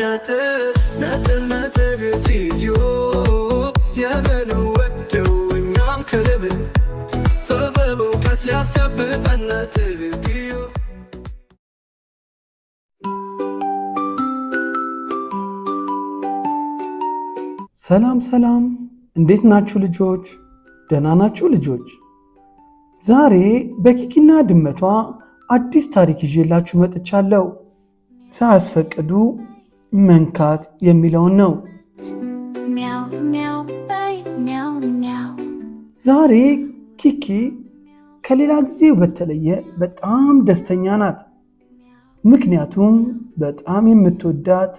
የምንወደው እኛም ጥበቡ ሰላም ሰላም፣ እንዴት ናችሁ ልጆች? ደህና ናችሁ ልጆች? ዛሬ በኪኪና ድመቷ አዲስ ታሪክ ይዤላችሁ መጥቻለሁ። ሳያስፈቅዱ መንካት የሚለውን ነው። ዛሬ ኪኪ ከሌላ ጊዜ በተለየ በጣም ደስተኛ ናት። ምክንያቱም በጣም የምትወዳት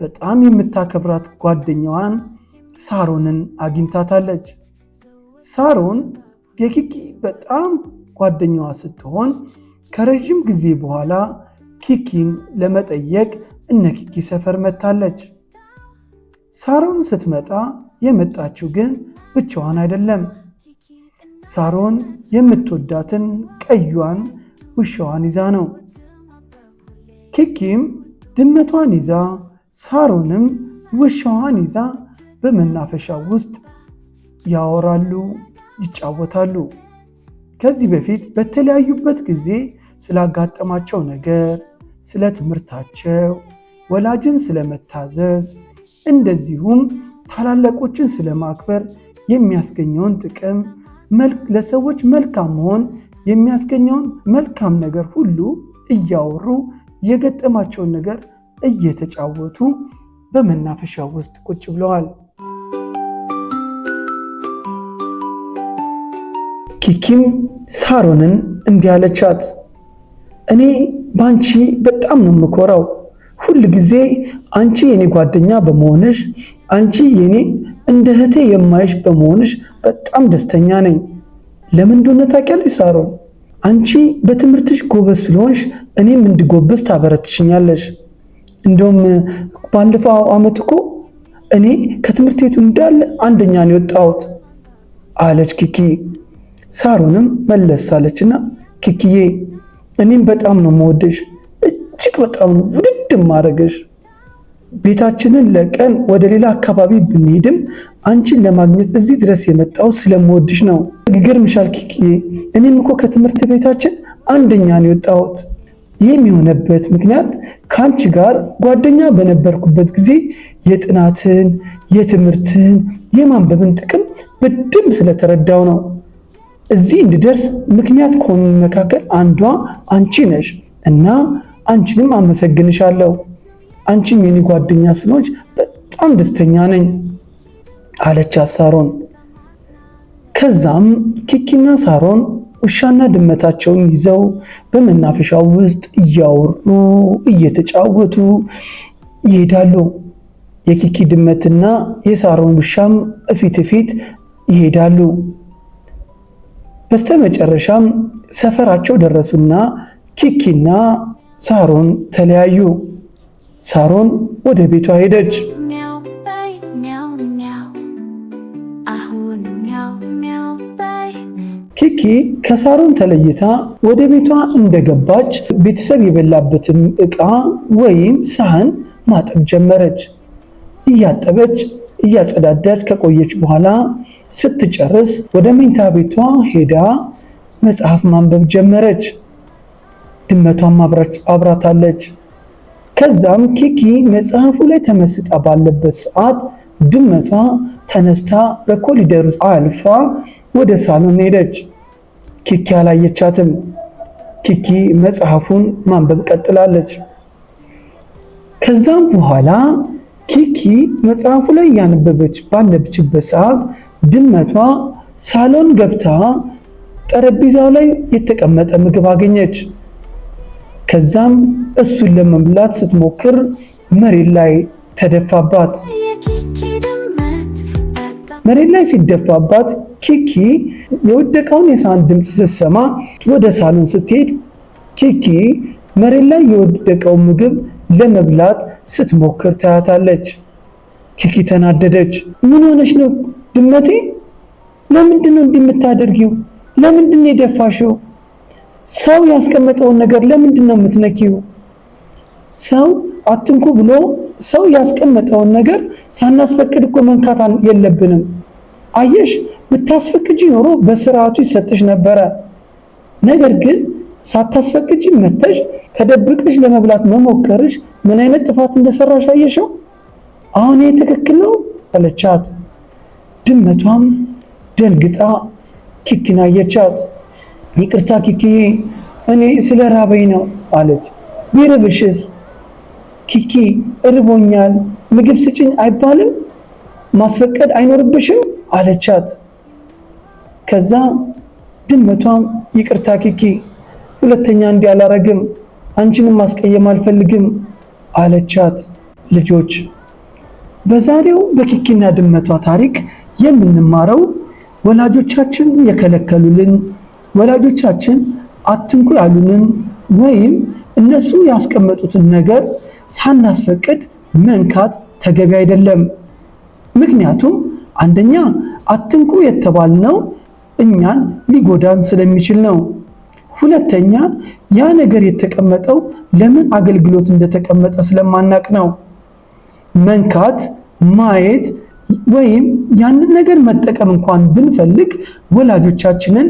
በጣም የምታከብራት ጓደኛዋን ሳሮንን አግኝታታለች። ሳሮን የኪኪ በጣም ጓደኛዋ ስትሆን ከረዥም ጊዜ በኋላ ኪኪን ለመጠየቅ እነኪኪ ሰፈር መታለች ሳሮን ስትመጣ የመጣችው ግን ብቻዋን አይደለም። ሳሮን የምትወዳትን ቀዩዋን ውሻዋን ይዛ ነው። ኪኪም ድመቷን ይዛ ሳሮንም ውሻዋን ይዛ በመናፈሻ ውስጥ ያወራሉ፣ ይጫወታሉ። ከዚህ በፊት በተለያዩበት ጊዜ ስላጋጠማቸው ነገር፣ ስለ ትምህርታቸው ወላጅን ስለመታዘዝ እንደዚሁም ታላላቆችን ስለማክበር የሚያስገኘውን ጥቅም ለሰዎች መልካም መሆን የሚያስገኘውን መልካም ነገር ሁሉ እያወሩ የገጠማቸውን ነገር እየተጫወቱ በመናፈሻ ውስጥ ቁጭ ብለዋል። ኪኪም ሳሮንን እንዲህ አለቻት፣ እኔ ባንቺ በጣም ነው የምኮራው ሁል ጊዜ አንቺ የኔ ጓደኛ በመሆንሽ፣ አንቺ የኔ እንደ እህቴ የማይሽ በመሆንሽ በጣም ደስተኛ ነኝ። ለምን እንደሆነ ታውቂያለሽ ሳሮን? አንቺ በትምህርትሽ ጎበዝ ስለሆንሽ እኔም እንድጎብዝ ታበረትሽኛለሽ። እንደውም ባለፈው ዓመት እኮ እኔ ከትምህርት ቤቱ እንዳለ አንደኛ ነው የወጣሁት አለች ኪኪ። ሳሮንም መለስ አለችና ኪኪዬ እኔም በጣም ነው የምወድሽ እጅግ በጣም ነው ቅድም ማድረግሽ ቤታችንን ለቀን ወደ ሌላ አካባቢ ብንሄድም አንቺን ለማግኘት እዚህ ድረስ የመጣው ስለምወድሽ ነው። ይገርምሻል ኪኪዬ፣ እኔም እኮ ከትምህርት ቤታችን አንደኛ ነው የወጣሁት። ይህም የሆነበት ምክንያት ከአንቺ ጋር ጓደኛ በነበርኩበት ጊዜ የጥናትን፣ የትምህርትን፣ የማንበብን ጥቅም በደንብ ስለተረዳው ነው። እዚህ እንድደርስ ምክንያት ከሆኑ መካከል አንዷ አንቺ ነሽ እና አንቺንም አመሰግንሻለሁ። አንቺም የኔ ጓደኛ ስለሆንሽ በጣም ደስተኛ ነኝ አለች ሳሮን። ከዛም ኪኪና ሳሮን ውሻና ድመታቸውን ይዘው በመናፈሻው ውስጥ እያወሩ እየተጫወቱ ይሄዳሉ። የኪኪ ድመትና የሳሮን ውሻም እፊት እፊት ይሄዳሉ። በስተመጨረሻም ሰፈራቸው ደረሱና ኪኪና ሳሮን ተለያዩ። ሳሮን ወደ ቤቷ ሄደች። ኪኪ ከሳሮን ተለይታ ወደ ቤቷ እንደገባች ቤተሰብ የበላበትን ዕቃ ወይም ሳህን ማጠብ ጀመረች። እያጠበች እያጸዳዳች ከቆየች በኋላ ስትጨርስ ወደ መኝታ ቤቷ ሄዳ መጽሐፍ ማንበብ ጀመረች። ድመቷም አብራታለች። ከዛም ኪኪ መጽሐፉ ላይ ተመስጣ ባለበት ሰዓት ድመቷ ተነስታ በኮሊደሩ አልፋ ወደ ሳሎን ሄደች። ኪኪ አላየቻትም። ኪኪ መጽሐፉን ማንበብ ቀጥላለች። ከዛም በኋላ ኪኪ መጽሐፉ ላይ እያነበበች ባለችበት ሰዓት ድመቷ ሳሎን ገብታ ጠረጴዛው ላይ የተቀመጠ ምግብ አገኘች። ከዛም እሱን ለመብላት ስትሞክር መሬት ላይ ተደፋባት። መሬት ላይ ሲደፋባት ኪኪ የወደቀውን የሳህን ድምፅ ስትሰማ ወደ ሳሎን ስትሄድ ኪኪ መሬት ላይ የወደቀውን ምግብ ለመብላት ስትሞክር ታያታለች። ኪኪ ተናደደች። ምን ሆነች ነው ድመቴ? ለምንድን ነው እንዲህ የምታደርጊው? ለምንድን ነው የደፋሽው? ሰው ያስቀመጠውን ነገር ለምንድን ነው የምትነኪው? ሰው አትንኩ ብሎ ሰው ያስቀመጠውን ነገር ሳናስፈቅድ እኮ መንካታን የለብንም። አየሽ፣ ብታስፈቅጂ ኖሮ በስርዓቱ ይሰጥሽ ነበረ። ነገር ግን ሳታስፈቅጂ መተሽ ተደብቀሽ ለመብላት መሞከርሽ ምን አይነት ጥፋት እንደሰራሽ አየሽው። አሁን ይህ ትክክል ነው አለቻት። ድመቷም ደንግጣ ኪኪን አየቻት። ይቅርታ ኪኪዬ፣ እኔ ስለ ራበኝ ነው አለች። ቢርብሽስ? ኪኪ እርቦኛል፣ ምግብ ስጭኝ አይባልም? ማስፈቀድ አይኖርብሽም አለቻት። ከዛ ድመቷም ይቅርታ ኪኪ፣ ሁለተኛ እንዲህ አላረግም፣ አንቺንም ማስቀየም አልፈልግም አለቻት። ልጆች በዛሬው በኪኪና ድመቷ ታሪክ የምንማረው ወላጆቻችን የከለከሉልን ወላጆቻችን አትንኩ ያሉንን ወይም እነሱ ያስቀመጡትን ነገር ሳናስፈቅድ መንካት ተገቢ አይደለም። ምክንያቱም አንደኛ አትንኩ የተባልነው እኛን ሊጎዳን ስለሚችል ነው። ሁለተኛ ያ ነገር የተቀመጠው ለምን አገልግሎት እንደተቀመጠ ስለማናቅ ነው። መንካት፣ ማየት ወይም ያንን ነገር መጠቀም እንኳን ብንፈልግ ወላጆቻችንን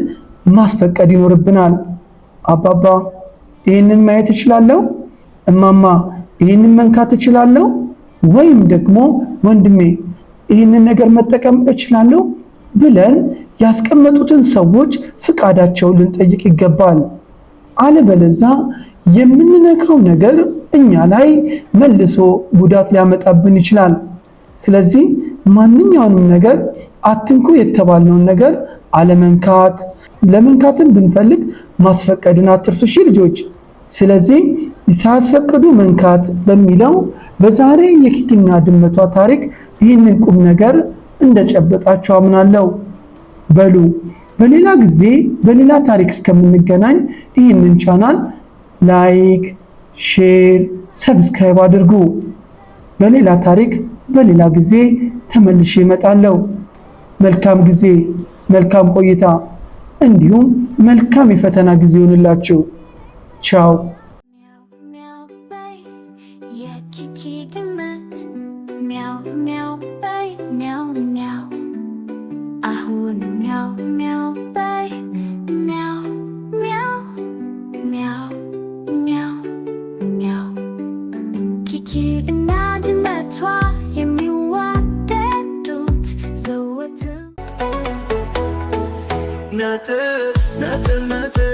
ማስፈቀድ ይኖርብናል። አባባ ይህንን ማየት እችላለሁ፣ እማማ ይህንን መንካት እችላለሁ፣ ወይም ደግሞ ወንድሜ ይህንን ነገር መጠቀም እችላለሁ ብለን ያስቀመጡትን ሰዎች ፍቃዳቸው ልንጠይቅ ይገባል። አለበለዛ የምንነካው ነገር እኛ ላይ መልሶ ጉዳት ሊያመጣብን ይችላል። ስለዚህ ማንኛውንም ነገር አትንኩ የተባልነውን ነገር አለመንካት፣ ለመንካትን ብንፈልግ ማስፈቀድን አትርሱ ሺ ልጆች። ስለዚህ ሳያስፈቅዱ መንካት በሚለው በዛሬ የኪኪና ድመቷ ታሪክ ይህንን ቁም ነገር እንደጨበጣችሁ አምናለሁ። በሉ በሌላ ጊዜ በሌላ ታሪክ እስከምንገናኝ ይህንን ቻናል ላይክ፣ ሼር፣ ሰብስክራይብ አድርጉ። በሌላ ታሪክ በሌላ ጊዜ ተመልሼ እመጣለሁ። መልካም ጊዜ መልካም ቆይታ እንዲሁም መልካም የፈተና ጊዜ ይሆንላችሁ። ቻው። የኪኪ ድመት ሚያው ሚያው በይ ሚያው ሚያው አሁን ሚያው ሚያው ነጥብ ነጥብ ነጥብ